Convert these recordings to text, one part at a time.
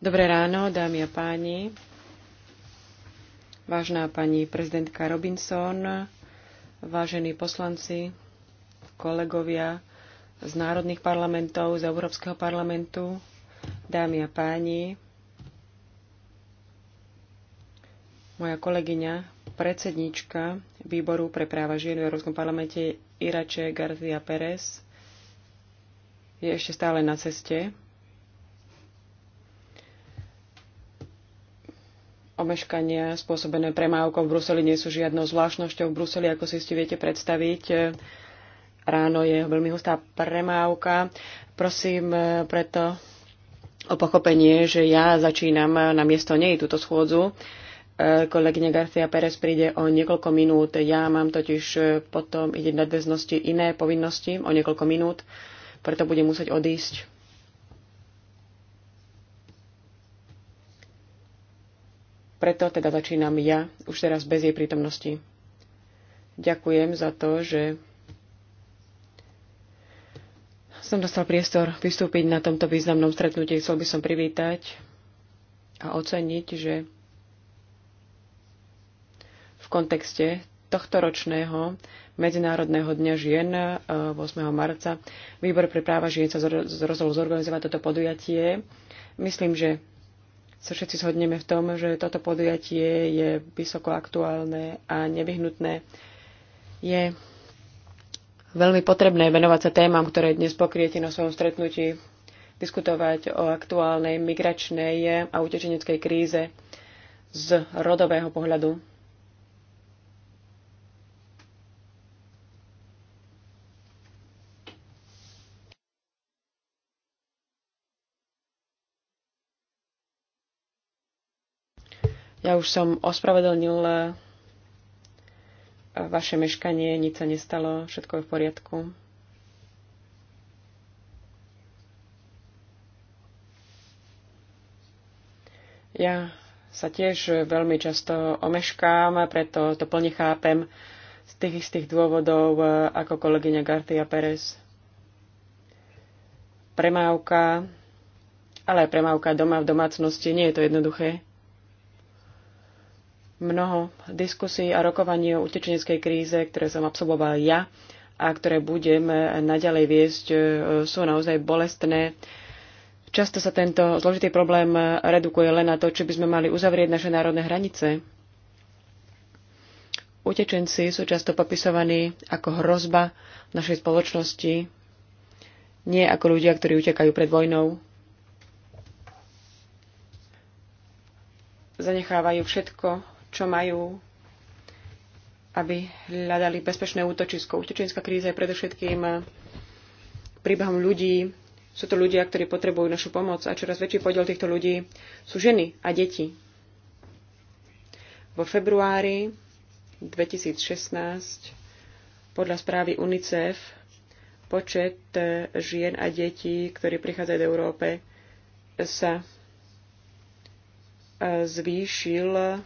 Dobré ráno, dámy a páni. Vážená pani prezidentka Robinson, vážení poslanci, kolegovia z národných parlamentov, z Európskeho parlamentu, dámy a páni, moja kolegyňa, predsedníčka výboru pre práva žien v Európskom parlamente Irače García Pérez je ešte stále na ceste. Omeškania spôsobené premávkou v Bruseli nie sú žiadnou zvláštnosťou. V Bruseli, ako si ste viete predstaviť, ráno je veľmi hustá premávka. Prosím preto o pochopenie, že ja začínam na miesto nej túto schôdzu. Kolegyňa Garcia Pérez príde o niekoľko minút. Ja mám totiž potom ide na dveznosti iné povinnosti o niekoľko minút preto budem musieť odísť. Preto teda začínam ja, už teraz bez jej prítomnosti. Ďakujem za to, že som dostal priestor vystúpiť na tomto významnom stretnutí. Chcel by som privítať a oceniť, že v kontexte tohto ročného Medzinárodného dňa žien 8. E, marca Výbor pre práva žien sa rozhodol zorganizovať toto podujatie. Myslím, že sa všetci shodneme v tom, že toto podujatie je vysoko aktuálne a nevyhnutné. Je veľmi potrebné venovať sa témam, ktoré dnes pokriete na svojom stretnutí, diskutovať o aktuálnej migračnej a utečeneckej kríze z rodového pohľadu Ja už som ospravedlnil e, vaše meškanie, nič sa nestalo, všetko je v poriadku. Ja sa tiež veľmi často omeškám, preto to plne chápem z tých istých dôvodov e, ako kolegyňa Gartia Perez. Premávka, ale aj premávka doma v domácnosti, nie je to jednoduché mnoho diskusí a rokovaní o utečeneckej kríze, ktoré som absolvoval ja a ktoré budem naďalej viesť, e, sú naozaj bolestné. Často sa tento zložitý problém redukuje len na to, či by sme mali uzavrieť naše národné hranice. Utečenci sú často popisovaní ako hrozba našej spoločnosti, nie ako ľudia, ktorí utekajú pred vojnou. Zanechávajú všetko čo majú, aby hľadali bezpečné útočisko. Utečenská kríza je predovšetkým príbehom ľudí. Sú to ľudia, ktorí potrebujú našu pomoc a čoraz väčší podiel týchto ľudí sú ženy a deti. Vo februári 2016 podľa správy UNICEF počet e, žien a detí, ktorí prichádzajú do Európe, sa e, zvýšil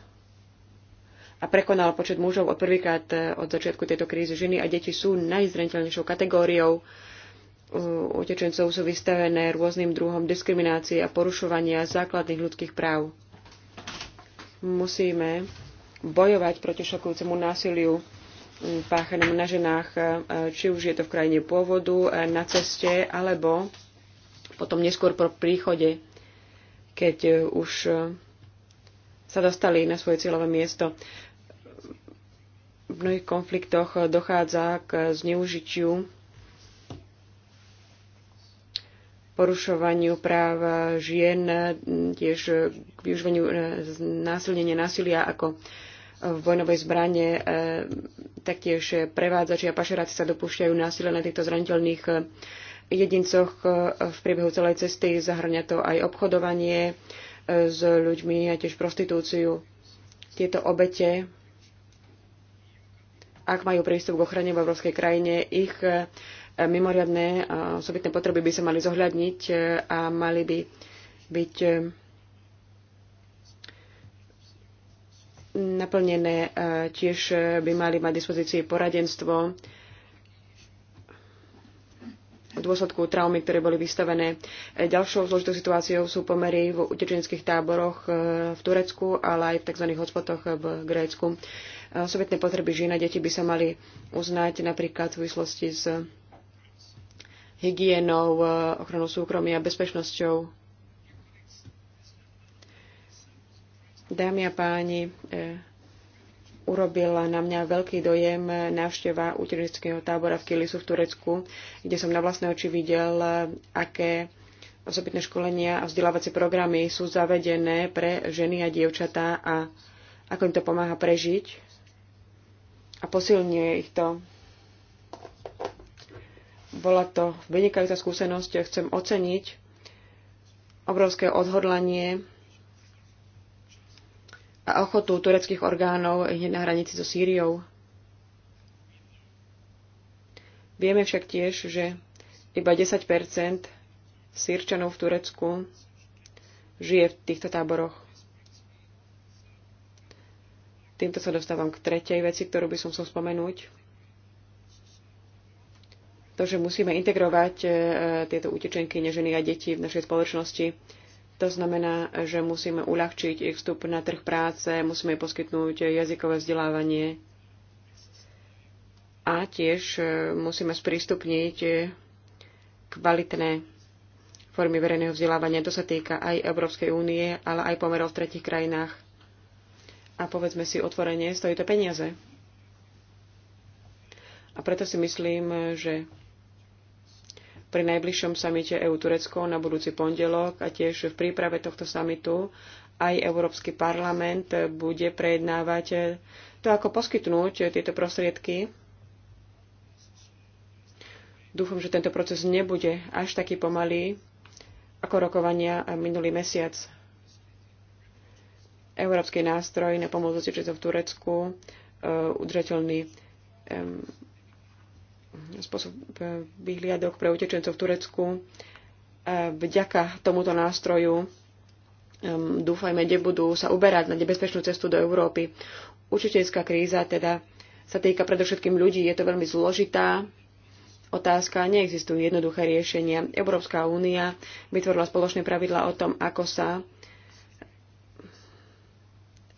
a prekonal počet mužov od prvýkrát e, od začiatku tejto krízy. Ženy a deti sú najzraniteľnejšou kategóriou utečencov sú vystavené rôznym druhom diskriminácie a porušovania základných ľudských práv. Musíme bojovať proti šokujúcemu násiliu páchanému na ženách, e, či už je to v krajine pôvodu, e, na ceste, alebo potom neskôr po príchode, keď už sa dostali na svoje cieľové miesto. V mnohých konfliktoch dochádza k zneužitiu, porušovaniu práv žien, tiež k využívaniu e, násilnenia násilia ako v vojnovej zbrane, e, taktiež prevádzači a pašeráci sa dopúšťajú násilia na týchto zraniteľných e, jedincoch v priebehu celej cesty. Zahrňa to aj obchodovanie s ľuďmi a tiež prostitúciu. Tieto obete ak majú prístup k ochrane v európskej krajine, ich e, mimoriadné e, osobitné potreby by sa mali zohľadniť e, a mali by byť naplnené. Tiež by mali mať dispozícii poradenstvo v dôsledku traumy, ktoré boli vystavené. E, ďalšou zložitou situáciou sú pomery v utečenských táboroch e, v Turecku, ale aj v tzv. hotspotoch v Grécku. E, sovietné potreby žien a deti by sa mali uznať napríklad v súvislosti s hygienou, ochranou súkromia, bezpečnosťou. Dámy a páni, urobila na mňa veľký dojem návšteva utilického tábora v Kilisu v Turecku, kde som na vlastné oči videl, aké osobitné školenia a vzdelávacie programy sú zavedené pre ženy a dievčatá a ako im to pomáha prežiť a posilňuje ich to. Bola to vynikajúca skúsenosť, chcem oceniť obrovské odhodlanie a ochotu tureckých orgánov hneď na hranici so Sýriou. Vieme však tiež, že iba 10 sírčanov v Turecku žije v týchto táboroch. Týmto sa dostávam k tretej veci, ktorú by som chcel spomenúť. To, že musíme integrovať e, tieto utečenky, neženy a deti v našej spoločnosti, to znamená, že musíme uľahčiť ich vstup na trh práce, musíme poskytnúť jazykové vzdelávanie a tiež e, musíme sprístupniť kvalitné formy verejného vzdelávania. To sa týka aj Európskej únie, ale aj pomerov v tretich krajinách. A povedzme si otvorenie, stojí to peniaze. A preto si myslím, že pri najbližšom samite EU-Turecko na budúci pondelok a tiež v príprave tohto samitu aj Európsky parlament bude prejednávať to, ako poskytnúť tieto prostriedky. Dúfam, že tento proces nebude až taký pomalý ako rokovania minulý mesiac. Európsky nástroj na pomoc v Turecku, eh, udržateľný spôsob e, vyhliadok pre utečencov v Turecku. E, vďaka tomuto nástroju e, dúfajme, nebudú sa uberať na nebezpečnú cestu do Európy. Učiteľská kríza teda sa týka predovšetkým ľudí. Je to veľmi zložitá otázka, neexistujú jednoduché riešenia. Európska únia vytvorila spoločné pravidla o tom, ako sa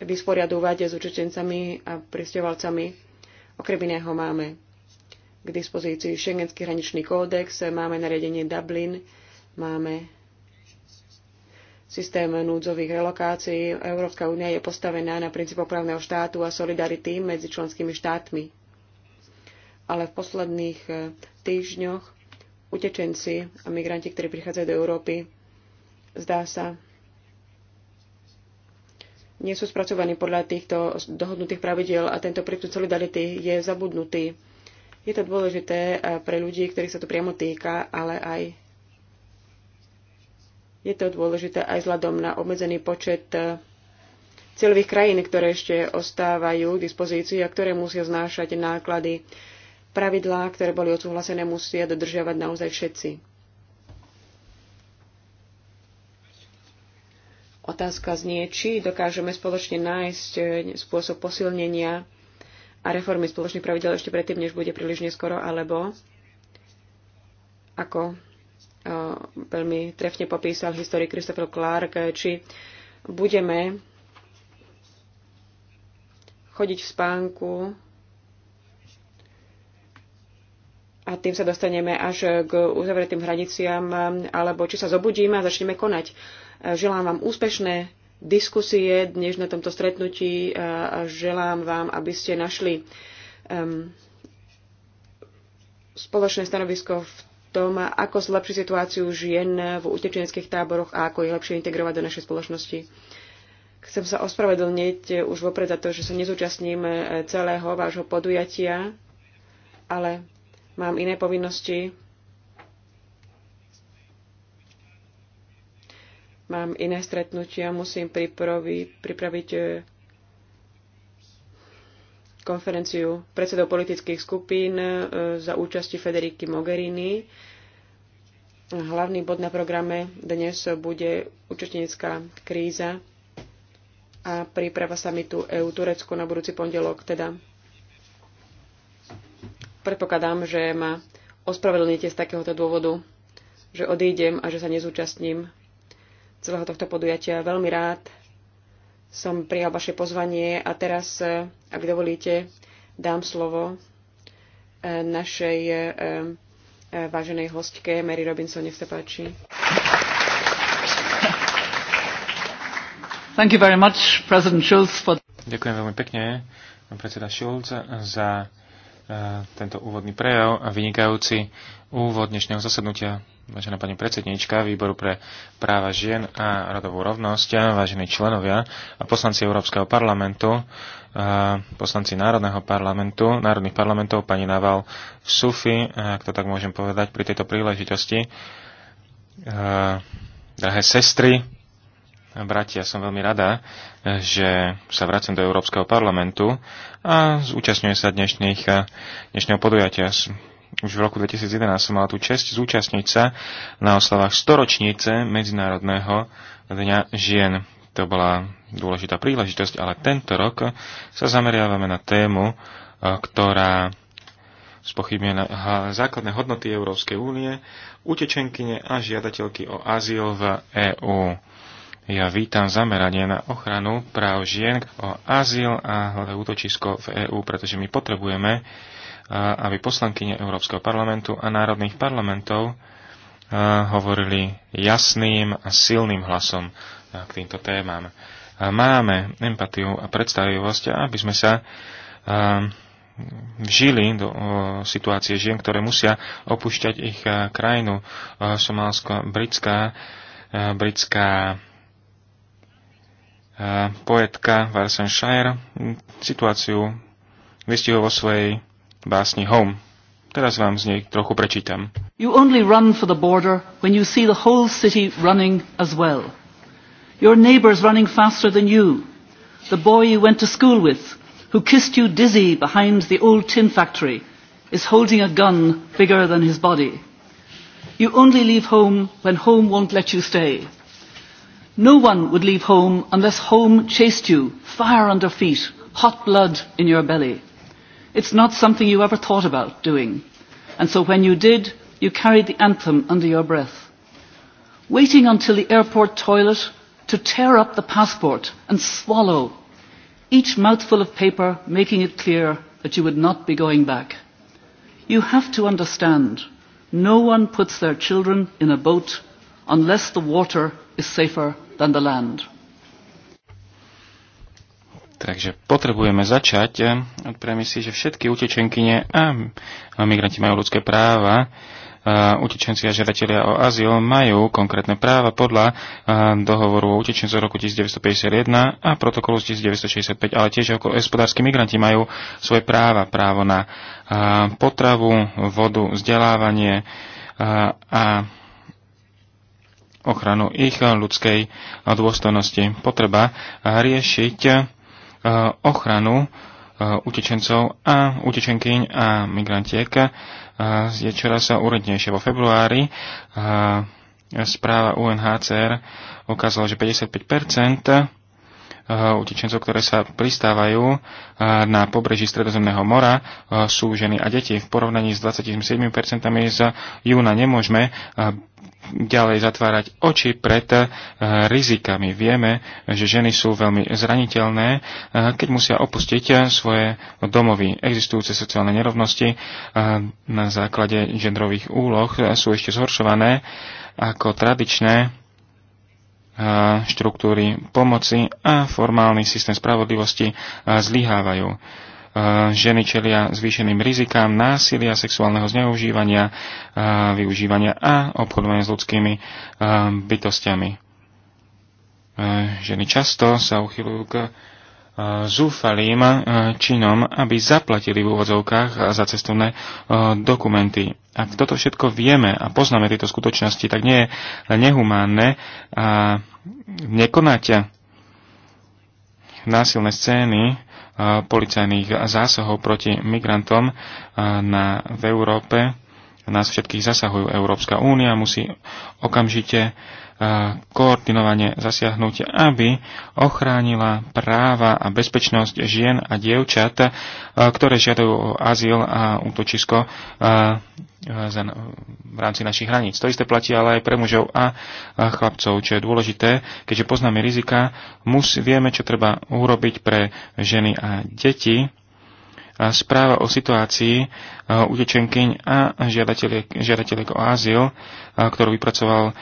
vysporiadúvať s učiteľcami a pristovalcami. Okrem iného máme k dispozícii Schengenský hraničný kódex, máme nariadenie Dublin, máme systém núdzových relokácií. Európska únia je postavená na princípoch právneho štátu a solidarity medzi členskými štátmi. Ale v posledných eh, týždňoch utečenci a migranti, ktorí prichádzajú do Európy, zdá sa, nie sú spracovaní podľa týchto dohodnutých pravidel a tento prístup solidarity je zabudnutý. Je to dôležité eh, pre ľudí, ktorých sa to priamo týka, ale aj je to dôležité aj vzhľadom na obmedzený počet eh, cieľových krajín, ktoré ešte ostávajú k dispozícii a ktoré musia znášať náklady. Pravidlá, ktoré boli odsúhlasené, musia dodržiavať naozaj všetci. Otázka znie, či dokážeme spoločne nájsť eh, spôsob posilnenia a reformy spoločných pravidel ešte predtým, než bude príliš neskoro, alebo ako e, veľmi trefne popísal historik Christopher Clark, či budeme chodiť v spánku a tým sa dostaneme až k uzavretým hraniciam, alebo či sa zobudíme a začneme konať. E, želám vám úspešné diskusie dnes na tomto stretnutí a želám vám, aby ste našli um, spoločné stanovisko v tom, ako zlepšiť situáciu žien v utečeneckých táboroch a ako ich lepšie integrovať do našej spoločnosti. Chcem sa ospravedlniť už vopred za to, že sa nezúčastním eh, celého vášho podujatia, ale mám iné povinnosti mám iné stretnutia, musím pripravi, pripraviť e, konferenciu predsedov politických skupín e, za účasti Federiky Mogherini. Hlavný bod na programe dnes bude účastnícká kríza a príprava samitu EU-Turecku na budúci pondelok. Teda predpokladám, že ma ospravedlníte z takéhoto dôvodu, že odídem a že sa nezúčastním celého tohto podujatia. Veľmi rád som prijal vaše pozvanie a teraz, e, ak dovolíte, dám slovo e, našej e, váženej hostke Mary Robinson, nech sa páči. Thank you very much, President Schulz, for... Ďakujem veľmi pekne, pán predseda Schulz, za tento úvodný prejav a vynikajúci úvod dnešného zasadnutia vážená pani predsedníčka Výboru pre práva žien a rodovú rovnosť, vážení členovia a poslanci Európskeho parlamentu, poslanci Národného parlamentu, Národných parlamentov, pani Naval Sufi, ak to tak môžem povedať pri tejto príležitosti, drahé sestry, bratia, som veľmi rada, že sa vracem do Európskeho parlamentu a zúčastňujem sa dnešných, dnešného podujatia. Už v roku 2011 som mal tú čest zúčastniť sa na oslavách storočnice Medzinárodného dňa žien. To bola dôležitá príležitosť, ale tento rok sa zameriavame na tému, e, ktorá spochybňuje základné hodnoty Európskej únie, utečenkyne a žiadateľky o azyl v EÚ. Ja vítam zameranie na ochranu práv žien o azyl a hľadajú útočisko v EÚ, pretože my potrebujeme aby poslankyne Európskeho parlamentu a národných parlamentov e, hovorili jasným a silným hlasom e, k týmto témam. E, máme empatiu a predstavivosť, aby sme sa žili do situácie žien, ktoré musia opúšťať ich krajinu. Somálsko, britská, britská poetka Varsan Shire situáciu vystihol vo svojej básni Home. Teraz vám z nej trochu prečítam. You only run for the border when you see the whole city running as well. Your neighbours running faster than you. The boy you went to school with, who kissed you dizzy behind the old tin factory, is holding a gun bigger than his body. You only leave home when home won't let you stay. No one would leave home unless home chased you, fire under feet, hot blood in your belly. It's not something you ever thought about doing. And so when you did, you carried the anthem under your breath. Waiting until the airport toilet to tear up the passport and swallow each mouthful of paper, making it clear that you would not be going back. You have to understand no one puts their children in a boat unless the water is safer than the land. Takže potrebujeme začať eh, od premisy, že všetky utečenkyne a migranti majú ľudské práva, a eh, utečenci a žiadatelia o azyl majú konkrétne práva podľa eh, dohovoru o utečencoch roku 1951 a protokolu z 1965, ale tiež ako hospodárski migranti majú svoje práva, právo na potravu, vodu, vzdelávanie a ochranu ich ľudskej dôstojnosti. Potreba riešiť Eh, ochranu eh, utečencov a utečenkyň a migrantiek eh, je čoraz úrednejšie. Vo februári správa UNHCR ukázala, že 55 Eh, utečencov, ktoré sa pristávajú eh, na pobreží Stredozemného mora, eh, sú ženy a deti. V porovnaní s 27% z júna nemôžeme ďalej zatvárať oči pred rizikami. Vieme, že ženy sú veľmi zraniteľné, keď musia opustiť svoje domovy. Existujúce sociálne nerovnosti na základe genderových úloh sú ešte zhoršované ako tradičné štruktúry pomoci a formálny systém spravodlivosti zlyhávajú. Ženy čelia zvýšeným rizikám násilia, sexuálneho zneužívania, využívania a obchodovania s ľudskými bytostiami. Ženy často sa uchylujú k zúfalým činom, aby zaplatili v úvodzovkách za cestovné dokumenty. Ak toto všetko vieme a poznáme tieto skutočnosti, tak nie je nehumánne a nekonáte násilné scény policajných zásahov proti migrantom na, v Európe nás všetkých zasahujú. Európska únia musí okamžite e, koordinovane zasiahnuť, aby ochránila práva a bezpečnosť žien a dievčat, e, ktoré žiadajú o azyl a útočisko e, v rámci našich hraníc. To isté platí ale aj pre mužov a chlapcov, čo je dôležité, keďže poznáme rizika, mus, vieme, čo treba urobiť pre ženy a deti, správa o situácii e, utečenkyň a žiadateľek o azyl, e, ktorú vypracoval e,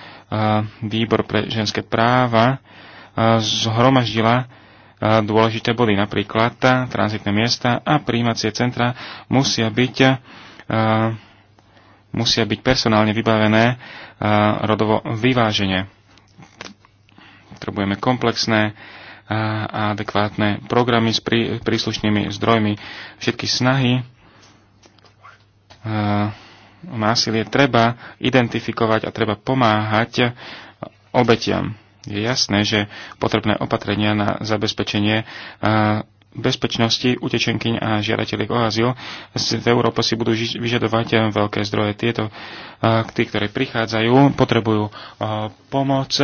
Výbor pre ženské práva, zhromaždila dôležité body, napríklad tranzitné miesta a príjmacie centra musia byť musia byť personálne vybavené rodovo vyváženie. Potrebujeme komplexné a adekvátne programy s príslušnými zdrojmi. Všetky snahy e, násilie treba identifikovať a treba pomáhať obetiam. Je jasné, že potrebné opatrenia na zabezpečenie e, bezpečnosti utečenkyň a žiadateľiek o azyl v Európe si budú vyžadovať veľké zdroje. Tieto, e, tí, ktoré prichádzajú, potrebujú pomoc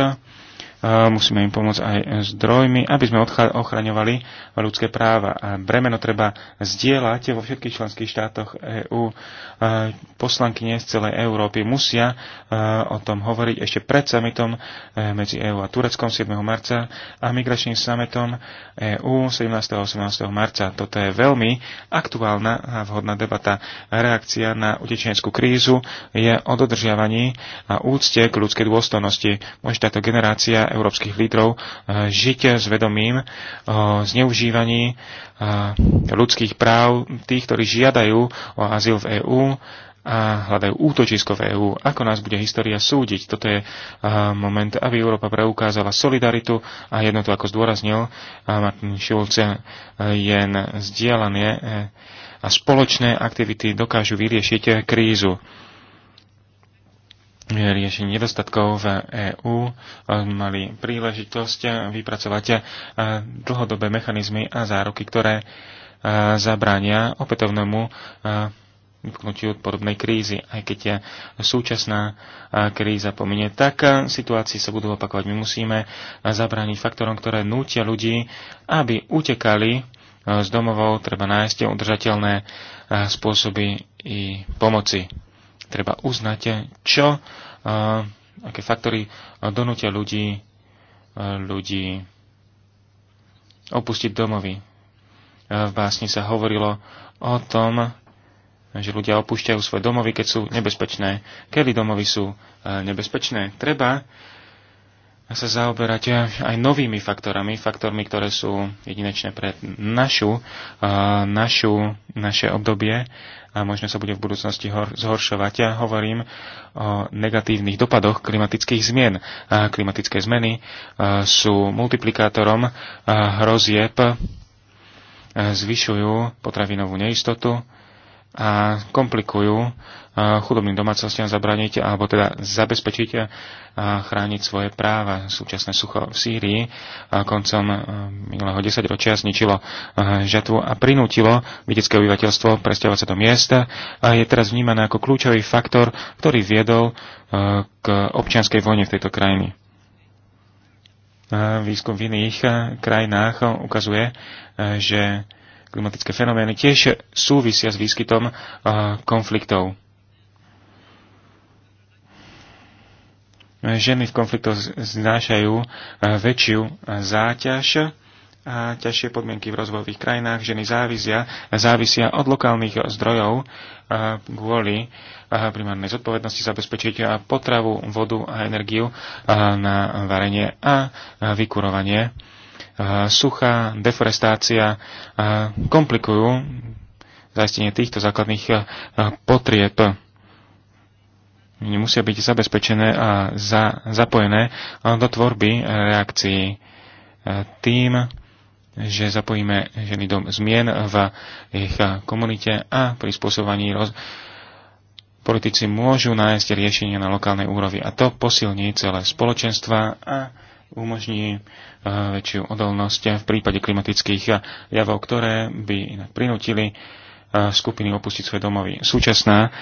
musíme im pomôcť aj zdrojmi, aby sme ochraňovali ľudské práva. A bremeno treba zdieľať vo všetkých členských štátoch EÚ. Poslankyne z celej Európy musia e, o tom hovoriť ešte pred summitom e, medzi EÚ a Tureckom 7. marca a migračným summitom EÚ 17. a 18. marca. Toto je veľmi aktuálna a vhodná debata. Reakcia na utečeneckú krízu je o dodržiavaní a úcte k ľudskej dôstojnosti. Môže táto generácia európskych lídrov eh, žiť s vedomím o eh, zneužívaní eh, ľudských práv tých, ktorí žiadajú o azyl v EÚ a hľadajú útočisko v EÚ. Ako nás bude história súdiť? Toto je moment, aby Európa preukázala solidaritu a jednotu, ako zdôraznil Martin Schulze, je zdieľanie a spoločné aktivity dokážu vyriešiť krízu riešení nedostatkov v EÚ mali príležitosť vypracovať eh, dlhodobé mechanizmy a záruky, ktoré eh, zabránia opätovnému eh, vknutiu podobnej krízy. Aj keď je súčasná kríza pominie, tak situácii sa budú opakovať. My musíme zabrániť faktorom, ktoré nútia ľudí, aby utekali z domovov. Treba nájsť udržateľné spôsoby i pomoci treba uznať, eh, čo, eh, aké faktory eh, donútia ľudí, ľudí opustiť domovy. V vlastne básni sa hovorilo o tom, že ľudia opúšťajú svoje domovy, keď sú nebezpečné. Kedy domovy sú nebezpečné? Treba sa zaoberať aj novými faktorami, faktormi, ktoré sú jedinečné pre našu, našu, naše obdobie a možno sa bude v budúcnosti zhoršovať. Ja hovorím o negatívnych dopadoch klimatických zmien. A klimatické zmeny sú multiplikátorom hrozieb, zvyšujú potravinovú neistotu, a komplikujú e, chudobným domácnostiam zabraniť, alebo teda zabezpečiť e, a chrániť svoje práva. Súčasné sucho v Sýrii koncom e, minulého desaťročia zničilo žatvu a prinútilo vedecké obyvateľstvo presťahovať sa do miesta a je teraz vnímané ako kľúčový faktor, ktorý viedol k občianskej vojne v tejto krajine. Výskum v iných krajinách ukazuje, že klimatické fenomény tiež súvisia s výskytom konfliktov. Ženy v konfliktoch znášajú väčšiu záťaž a ťažšie podmienky v rozvojových krajinách. Ženy závisia, závisia od lokálnych zdrojov kvôli primárnej zodpovednosti zabezpečiť potravu, vodu a energiu na varenie a vykurovanie suchá, deforestácia komplikujú zaistenie týchto základných potrieb. Musia byť zabezpečené a za, zapojené do tvorby e, reakcií e, tým, že zapojíme ženy do zmien v ich komunite a spôsobovaní roz... politici môžu nájsť riešenie na lokálnej úrovni a to posilní celé spoločenstva a umožní eh, väčšiu odolnosť v prípade klimatických eh, javov, ktoré by inak prinútili eh, skupiny opustiť svoje domovy. Súčasná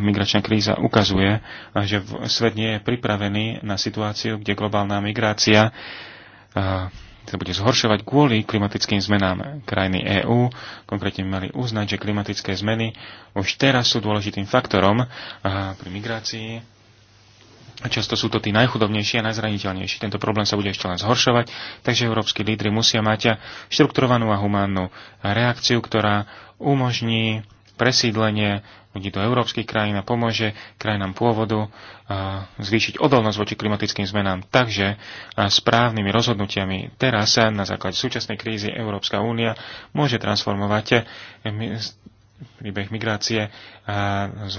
migračná kríza ukazuje, že svet nie je pripravený na situáciu, kde globálna migrácia sa bude zhoršovať kvôli klimatickým zmenám. Krajiny EÚ konkrétne mali uznať, že klimatické zmeny už teraz sú dôležitým faktorom pri migrácii Často sú to tí najchudobnejší a najzraniteľnejší. Tento problém sa bude ešte len zhoršovať, takže európsky lídry musia mať štrukturovanú a humánnu reakciu, ktorá umožní presídlenie ľudí do európskych krajín a pomôže krajinám pôvodu zvýšiť odolnosť voči klimatickým zmenám. Takže správnymi rozhodnutiami teraz na základe súčasnej krízy Európska únia môže transformovať e, príbeh migrácie z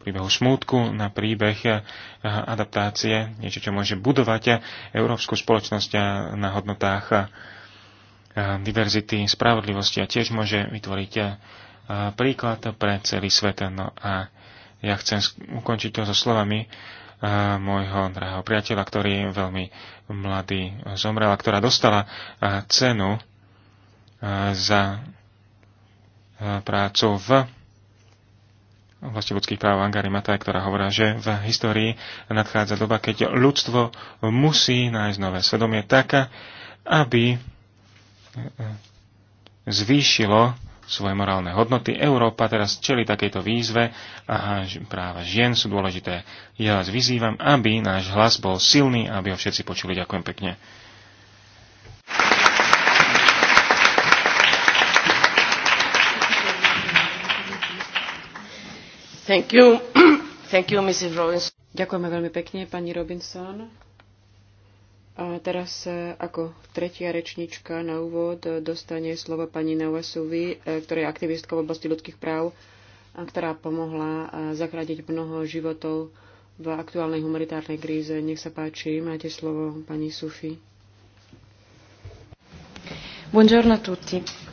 príbehu smútku na príbeh eh, adaptácie, niečo, čo môže budovať eh, európsku spoločnosť eh, na hodnotách diverzity, spravodlivosti a tiež môže vytvoriť príklad pre celý svet. No a ja chcem ukončiť to so slovami môjho drahého priateľa, ktorý je veľmi mladý, a ktorá dostala cenu za prácu v vlastne ľudských práv Angary Mataj, ktorá hovorí, že v histórii nadchádza doba, keď ľudstvo musí nájsť nové svedomie tak, aby eh, eh, zvýšilo svoje morálne hodnoty. Európa teraz čeli takejto výzve a práva žien sú dôležité. Ja vás vyzývam, aby náš hlas bol silný, aby ho všetci počuli. Ďakujem pekne. Ďakujeme veľmi pekne, pani Robinson. A teraz e, ako tretia rečnička na úvod e, dostane slovo pani Nauasuvi, e, ktorá je aktivistkou v oblasti ľudských práv, a ktorá pomohla zachrániť mnoho životov v aktuálnej humanitárnej kríze. Nech sa páči, máte slovo pani Sufi. Buongiorno a tutti.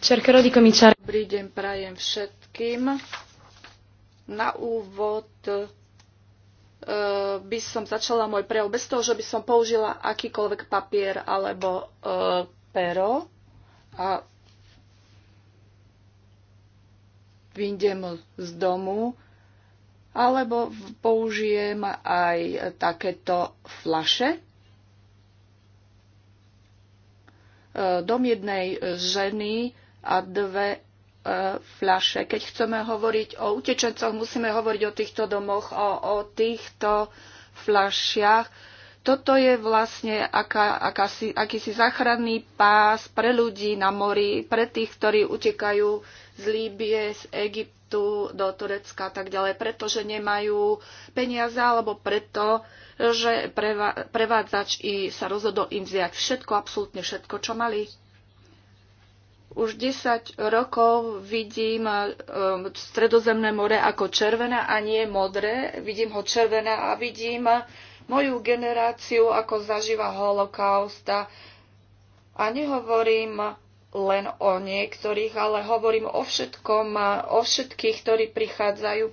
Cercherò di cominciare. Dobrý deň prajem všetkým. Na úvod e, by som začala môj prejav bez toho, že by som použila akýkoľvek papier alebo e, pero a vyjdem z domu alebo použijem aj takéto flaše. E, dom jednej ženy a dve e, fľaše. Keď chceme hovoriť o utečencoch, musíme hovoriť o týchto domoch, o, o týchto fľašiach. Toto je vlastne aká, akási, akýsi záchranný pás pre ľudí na mori, pre tých, ktorí utekajú z Líbie, z Egyptu do Turecka a tak ďalej, pretože nemajú peniaze alebo preto, že prevádzač sa rozhodol im vziať všetko, absolútne všetko, čo mali. Už 10 rokov vidím eh, Stredozemné more ako červené a nie modré. Vidím ho červené a vidím eh, moju generáciu, ako zažíva holokausta. A nehovorím eh, len o niektorých, ale hovorím o všetkom, o všetkých, ktorí prichádzajú.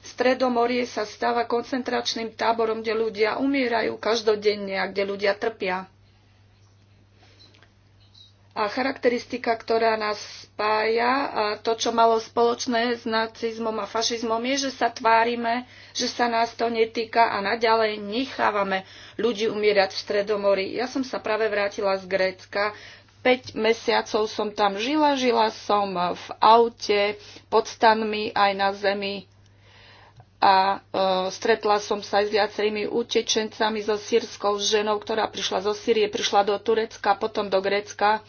Stredomorie sa stáva koncentračným táborom, kde ľudia umierajú každodenne a kde ľudia trpia a charakteristika, ktorá nás spája a to, čo malo spoločné s nacizmom a fašizmom, je, že sa tvárime, že sa nás to netýka a naďalej nechávame ľudí umierať v Stredomori. Ja som sa práve vrátila z Grécka. 5 mesiacov som tam žila, žila som v aute, pod stanmi aj na zemi a e, stretla som sa aj s viacerými utečencami so sírskou ženou, ktorá prišla zo Sýrie, prišla do Turecka, potom do Grécka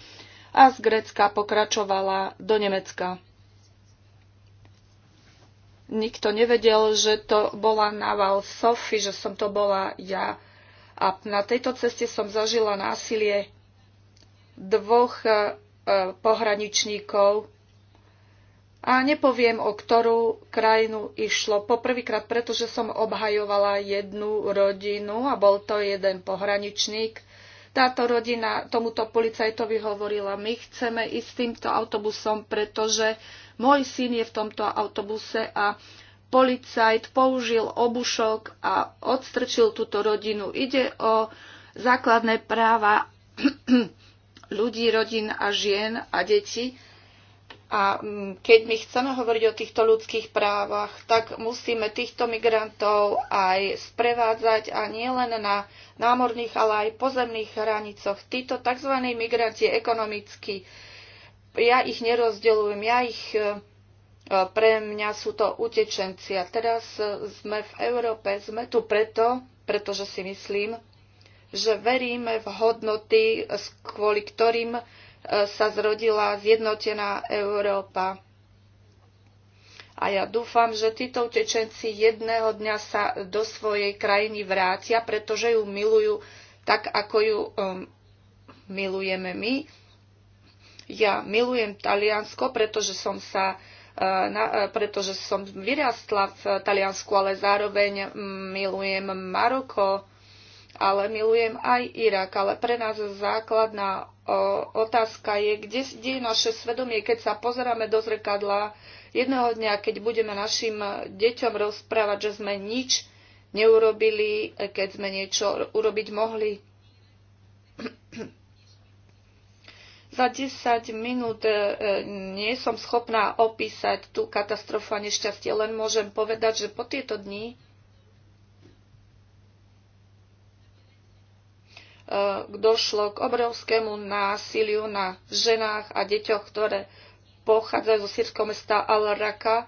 a z Grécka pokračovala do Nemecka. Nikto nevedel, že to bola naval Sofy, že som to bola ja. A na tejto ceste som zažila násilie dvoch e, e, pohraničníkov, a nepoviem, o ktorú krajinu išlo. Poprvýkrát, pretože som obhajovala jednu rodinu a bol to jeden pohraničník. Táto rodina tomuto policajtovi hovorila, my chceme ísť týmto autobusom, pretože môj syn je v tomto autobuse a policajt použil obušok a odstrčil túto rodinu. Ide o základné práva ľudí, rodín a žien a detí a mm, keď my chceme hovoriť o týchto ľudských právach, tak musíme týchto migrantov aj sprevádzať a nie len na námorných, ale aj pozemných hranicoch. Títo tzv. migranti ekonomicky, ja ich nerozdeľujem, ja ich, e, e, pre mňa sú to utečenci. A teraz e, sme v Európe, sme tu preto, pretože si myslím, že veríme v hodnoty, kvôli ktorým sa zrodila zjednotená Európa. A ja dúfam, že títo utečenci jedného dňa sa do svojej krajiny vrátia, pretože ju milujú tak, ako ju um, milujeme my. Ja milujem Taliansko, pretože som sa uh, na, uh, pretože som vyrastla v Taliansku, ale zároveň milujem Maroko, ale milujem aj Irak. Ale pre nás základná otázka je, kde, kde je naše svedomie, keď sa pozeráme do zrkadla jedného dňa, keď budeme našim deťom rozprávať, že sme nič neurobili, keď sme niečo urobiť mohli. Za 10 minút e, nie som schopná opísať tú katastrofu a nešťastie, len môžem povedať, že po tieto dni Eh, došlo k obrovskému násiliu na ženách a deťoch, ktoré pochádzajú zo sírskeho mesta Al-Raka.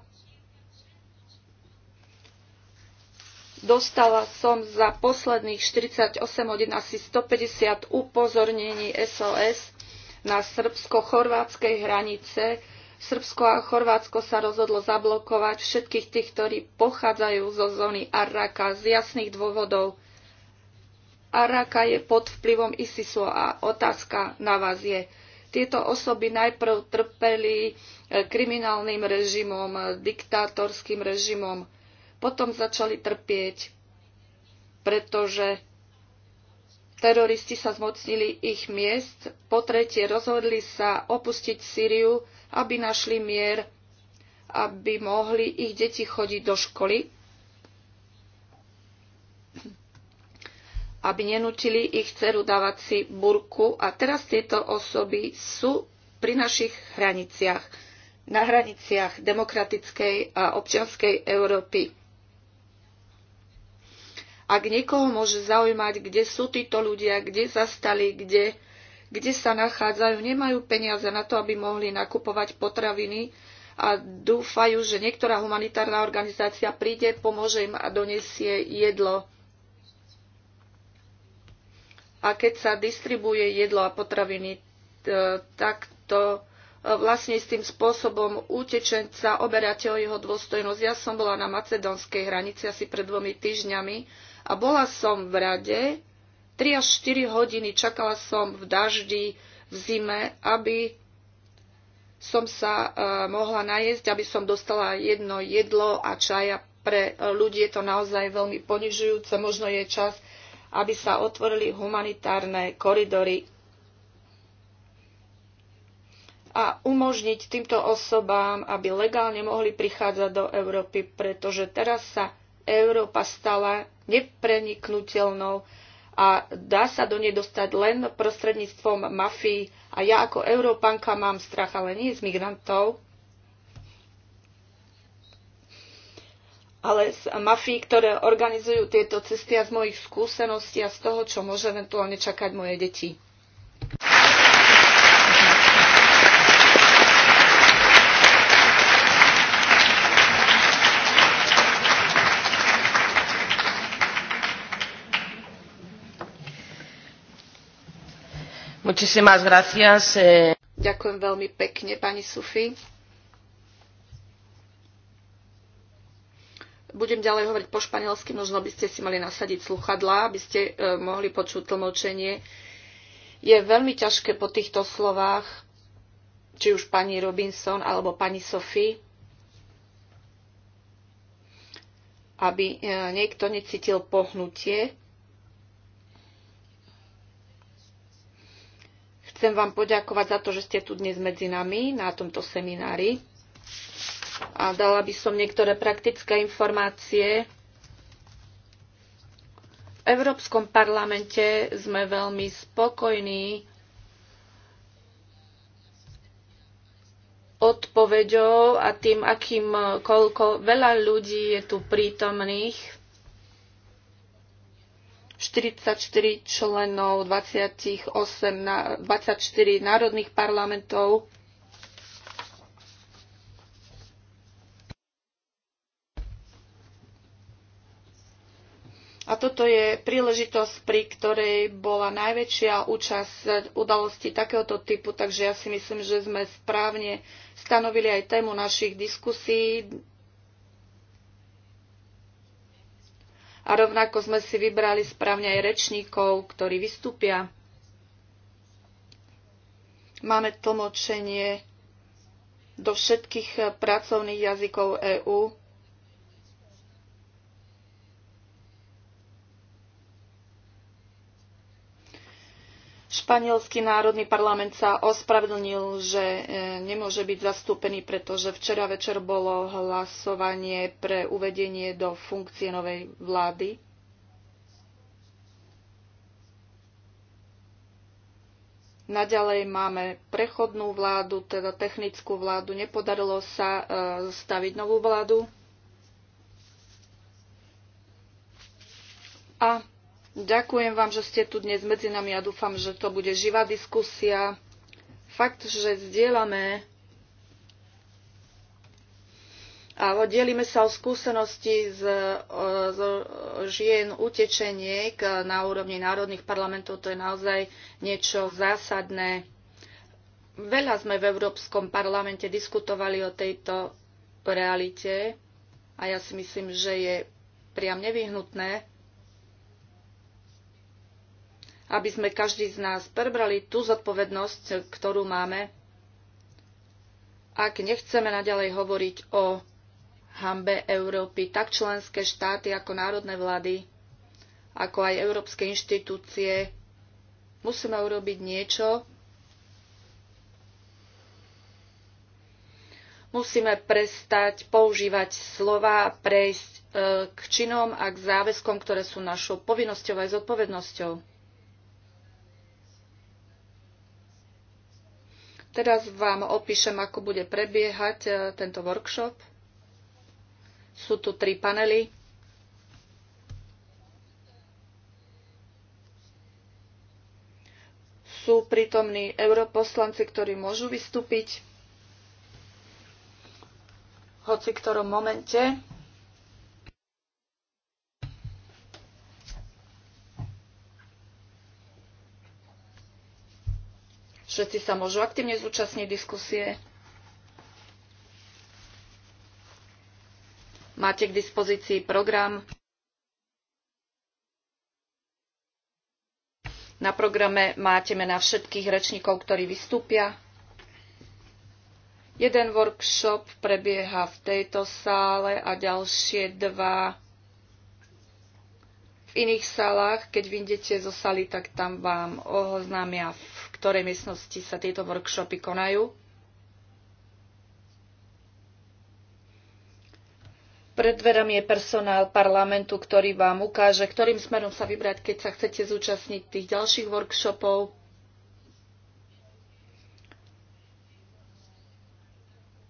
Dostala som za posledných 48 hodín asi 150 upozornení SOS na srbsko-chorvátskej hranice. Srbsko a Chorvátsko sa rozhodlo zablokovať všetkých tých, ktorí pochádzajú zo zóny Arraka z jasných dôvodov Araka je pod vplyvom ISISu a otázka na vás je. Tieto osoby najprv trpeli e, kriminálnym režimom, e, diktátorským režimom, potom začali trpieť, pretože teroristi sa zmocnili ich miest, po tretie rozhodli sa opustiť Sýriu, aby našli mier, aby mohli ich deti chodiť do školy aby nenútili ich dceru dávať si burku a teraz tieto osoby sú pri našich hraniciach, na hraniciach demokratickej a občianskej Európy. Ak niekoho môže zaujímať, kde sú títo ľudia, kde zastali, kde, kde sa nachádzajú, nemajú peniaze na to, aby mohli nakupovať potraviny a dúfajú, že niektorá humanitárna organizácia príde, pomôže im a donesie jedlo a keď sa distribuje jedlo a potraviny, e, tak to e, vlastne s tým spôsobom utečenca oberáte o jeho dôstojnosť. Ja som bola na macedónskej hranici asi pred dvomi týždňami a bola som v rade 3 až 4 hodiny, čakala som v daždi, v zime, aby som sa e, mohla najesť, aby som dostala jedno jedlo a čaja pre ľudí je to naozaj veľmi ponižujúce. Možno je čas aby sa otvorili humanitárne koridory a umožniť týmto osobám, aby legálne mohli prichádzať do Európy, pretože teraz sa Európa stala nepreniknutelnou a dá sa do nej dostať len prostredníctvom mafii. A ja ako Európanka mám strach, ale nie z migrantov, ale z mafií, ktoré organizujú tieto cesty a z mojich skúseností a z toho, čo môže eventuálne čakať moje deti. Eh. Ďakujem veľmi pekne, pani Sufi. budem ďalej hovoriť po španielsky, možno by ste si mali nasadiť sluchadlá, aby ste e, mohli počuť tlmočenie. Je veľmi ťažké po týchto slovách, či už pani Robinson alebo pani Sophie, aby e, niekto necítil pohnutie. Chcem vám poďakovať za to, že ste tu dnes medzi nami na tomto seminári a dala by som niektoré praktické informácie. V Európskom parlamente sme veľmi spokojní odpoveďou a tým, akým koľko veľa ľudí je tu prítomných. 44 členov 28, 24 národných parlamentov toto je príležitosť, pri ktorej bola najväčšia účasť udalosti takéhoto typu, takže ja si myslím, že sme správne stanovili aj tému našich diskusí. A rovnako sme si vybrali správne aj rečníkov, ktorí vystúpia. Máme tlmočenie do všetkých pracovných jazykov EÚ Španielský národný parlament sa ospravedlnil, že e, nemôže byť zastúpený, pretože včera večer bolo hlasovanie pre uvedenie do funkcie novej vlády. Naďalej máme prechodnú vládu, teda technickú vládu. Nepodarilo sa e, staviť novú vládu. A Ďakujem vám, že ste tu dnes medzi nami a ja dúfam, že to bude živá diskusia. Fakt, že zdieľame a delíme sa o skúsenosti z, z žien utečeniek na úrovni národných parlamentov. To je naozaj niečo zásadné. Veľa sme v Európskom parlamente diskutovali o tejto realite a ja si myslím, že je priam nevyhnutné, aby sme každý z nás prebrali tú zodpovednosť, ktorú máme, ak nechceme naďalej hovoriť o hambe Európy, tak členské štáty ako národné vlády, ako aj európske inštitúcie, musíme urobiť niečo, musíme prestať používať slova a prejsť e, k činom a k záväzkom, ktoré sú našou povinnosťou aj zodpovednosťou. Teraz vám opíšem, ako bude prebiehať e, tento workshop. Sú tu tri panely. Sú prítomní europoslanci, ktorí môžu vystúpiť hoci ktorom momente. Všetci sa môžu aktívne zúčastniť diskusie. Máte k dispozícii program. Na programe máte mena všetkých rečníkov, ktorí vystúpia. Jeden workshop prebieha v tejto sále a ďalšie dva v iných sálach. Keď vyjdete zo sály, tak tam vám oznámia ktorej miestnosti sa tieto workshopy konajú. Pred dverami je personál parlamentu, ktorý vám ukáže, ktorým smerom sa vybrať, keď sa chcete zúčastniť tých ďalších workshopov.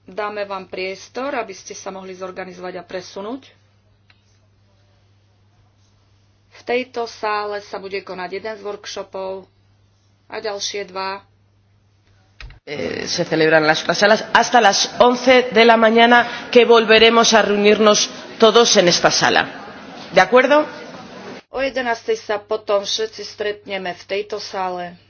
Dáme vám priestor, aby ste sa mohli zorganizovať a presunúť. V tejto sále sa bude konať jeden z workshopov a ďalšie dva eh, se celebran las salas hasta las 11 de la mañana que volveremos a reunirnos todos en esta sala. ¿De acuerdo? O 11. sa potom všetci stretneme v tejto sále.